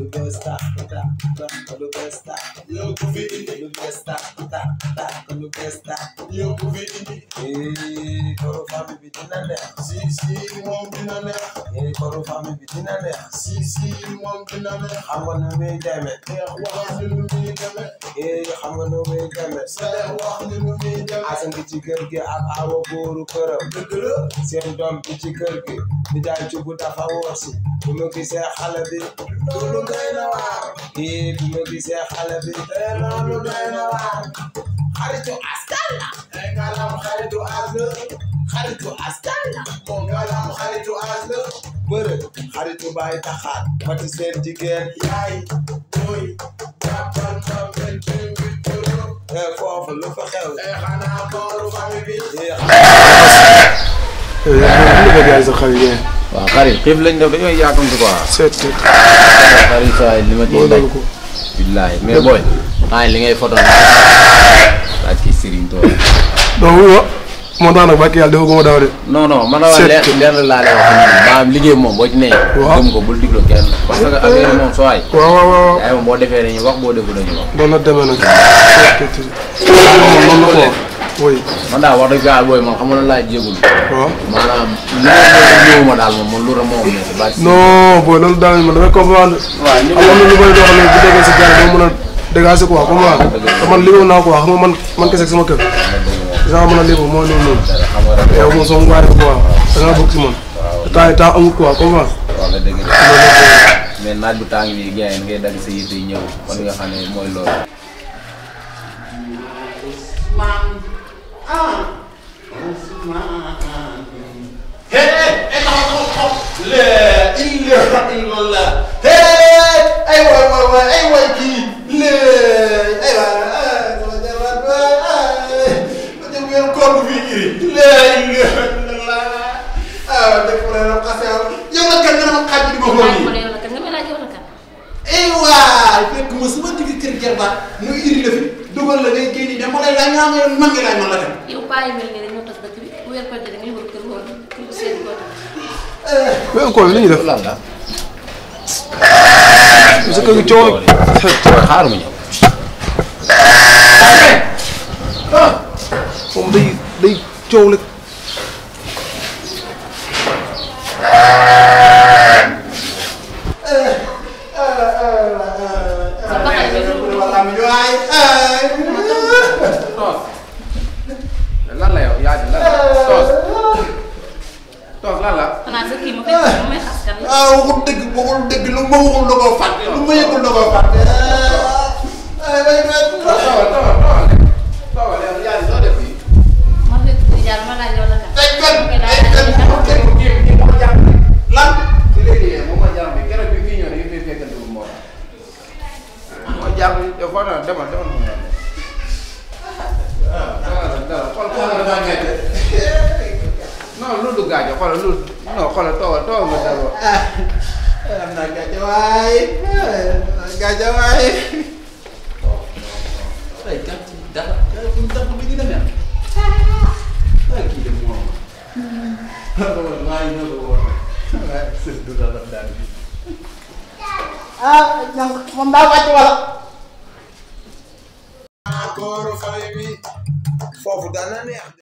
lu bees tàq tàq tàq lu bees tàq yow ku fi indi lu bees tàq tàq tàq lu bees tàq yow ku fi indi. koro famille bi dina neex. si si moom dina neex. yow tamit bi dina neex si si moom dina neex xam nga nu muy demee neex wax ni nu muy demee eh xam nga nu muy demee seex wax ni nu muy demee asan bi ci kër gi ak awa góoru këram dëgg la seen doom bi ci kër gi di jaay cubu dafa wóor si bu ma gisee xale bi loolu doy na waar eh bu ma gisee xale bi loolu doy na waar xaritu askan la xaritu askan la xaritu askan la moom xaritu bërë xaritu baay taxaat mati seen jigéen yaay mooy jàppal ma benn bi eh, foofu lu fa xew eh, xanaa booru famille bi eh, waaw xarit xiif lañ def dañooy yaakamti quoi xarit saay li ma ciy daj billaay mais booy xaay li ngay photo na ak ki Serigne Touba moo tax nag bàkk yàlla dafa ko daw de. non non man la leer leer laa lay wax maanaam liggéey moom boo ci nee. waaw gëm ko bul diglu kenn. parce que affaire yi moom soo waay. waaw waaw waaw yaay moom boo defee dañuy wax boo deful dañuy wax. loolu la demee nag. moom la ko wax. man daal wax dëgg yàlla booy man xam nga laa jégul. waaw maanaam. li ma daal moom man loolu rek moo am nekk. bàcc non booy loolu daal ma damay comprendre. waaw ñu amoon na ñu bëri doo xam ne bu déggee si gars yi doo mën a dégager quoi comme waaw. dëgg la te man liggéey naa quoi xam nga man man kese sama kër genre mën a lépp moo néew noonu. yow moom sama waay quoi da ngaa bëgg ci man. temps yi temps amul quoi comme ça. waaw dëgg la mais naaj bu tàng bi gars yi ngay dagg sa yitte yi ñëw kon nga xam ne mooy loolu. Hey, hey, hey, ci biir kër jarbaat mu indi la fi dugal la ngay génn dem ba lay laaj nga xam ne man ngi laaj man la dem. yow paa yi mel ni dañoo tas dëkk bi wéer ko dëgg ñu wër kër woon kër bu seen koo tax. wéeru koor bi li ñu def lan la. parce que coow xaar mu ñëw. moom day day coow la. toog lan la. xanaa sa kii ma fekk mu may xas kan la. ah waxul dëgg waxul dëgg lu ma waxul da koo fàtte lu ma yëgul da koo fàtte. Ah, ay ay ay. tawal tawal tawal tawal yow yaa ngi def fii. man de tuuti jaar ma laaj yow la kat. tey kat tey kat mu teg mu kii kii moo jàmm bi. lan. ci léegi yéen moom moo jàmm bi keroog bi fii ñëw dañu fee fekkante bu moo tax. Ah, moo jàmm bi yow foo naan demal demal mu naan. Ah, waaw dara dara xool koo xam ne daa nekk. gaajo xoolal lu non xoolal toogal toogal nga daloo ah am naa gaajo waaye gaajo waaye. waaye gàtt yi dara yàlla bu ñu tax bu ñu demee ah kii de moom la. waaye ñoo ko woon waaye sëñ bi daal daal bi. ah ñoom moom daa wàcc wala. foofu daan na neex.